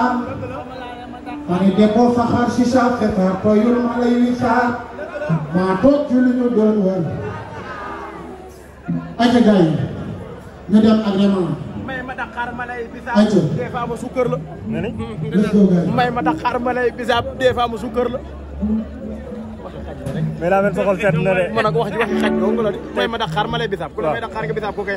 saar mani deko faxar si saar te faar tooyul ma wi saar maa toog ci lu ñu doon woon aca gars yi ñu dem agrément xar ma may ma tax xar malay bisaab des ma sukkër la mais daa mel soxal seet na de man ak wax ji wax xaj dong la de may ma tax xar malay bisaab ku la may tax xar nga bisaab ko kay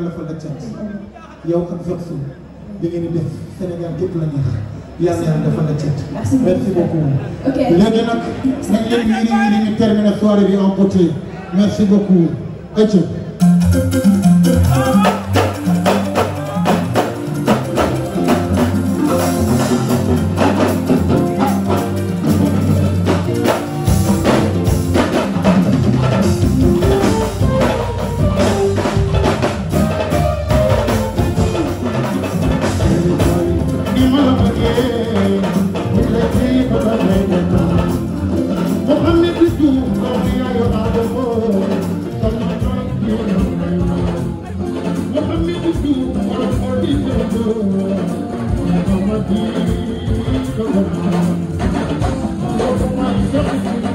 yàlla fa la cant yow ak Versou bi ngeen di def Sénégal képp la neex yàlla yàlla dafa la cant. merci beaucoup. ok léegi nag nañ leen wiri wiri ñu terminer soirée bi en beauté merci beaucoup.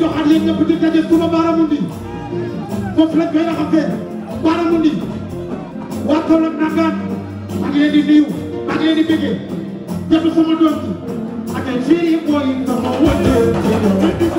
joxaat leen ñëpp di daje Touba Baaramundi foofu lañ koy raxasee waa Kaolack nangaan ah, maa ngi leen di nuyu maa ngi leen di bëggee jot sama doom ji ak ay fii booy yi sama wàññi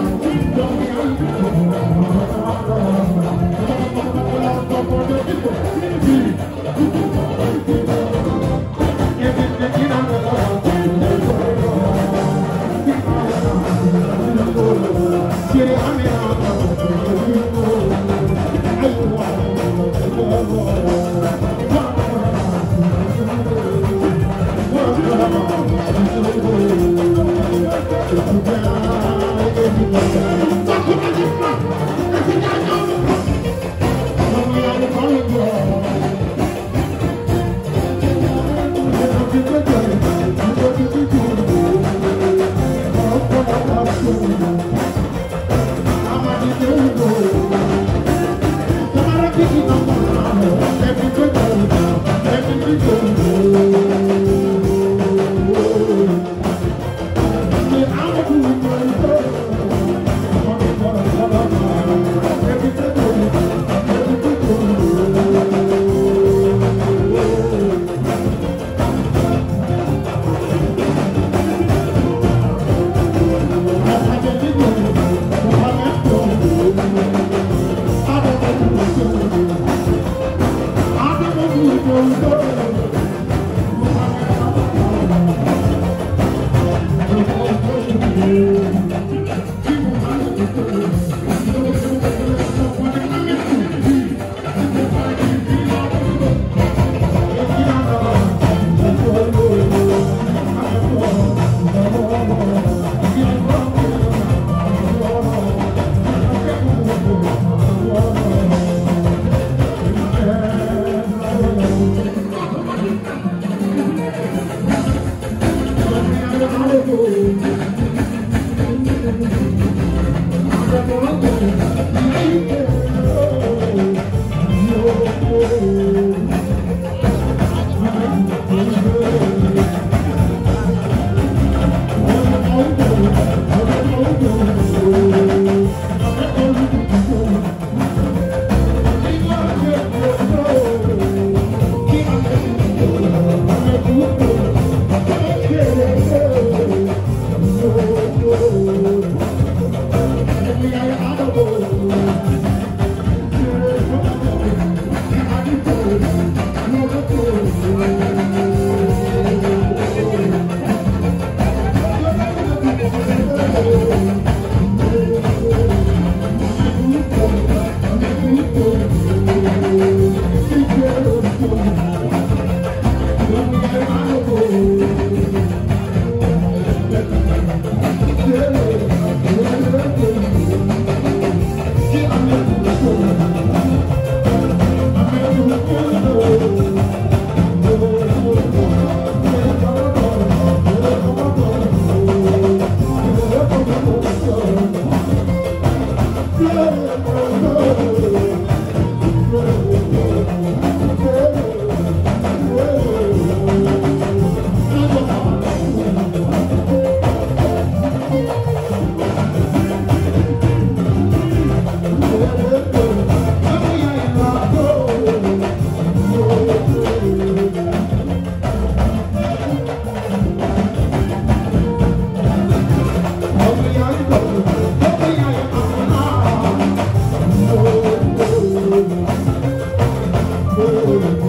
Thank you.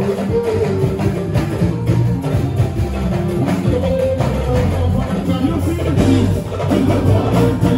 Thank you.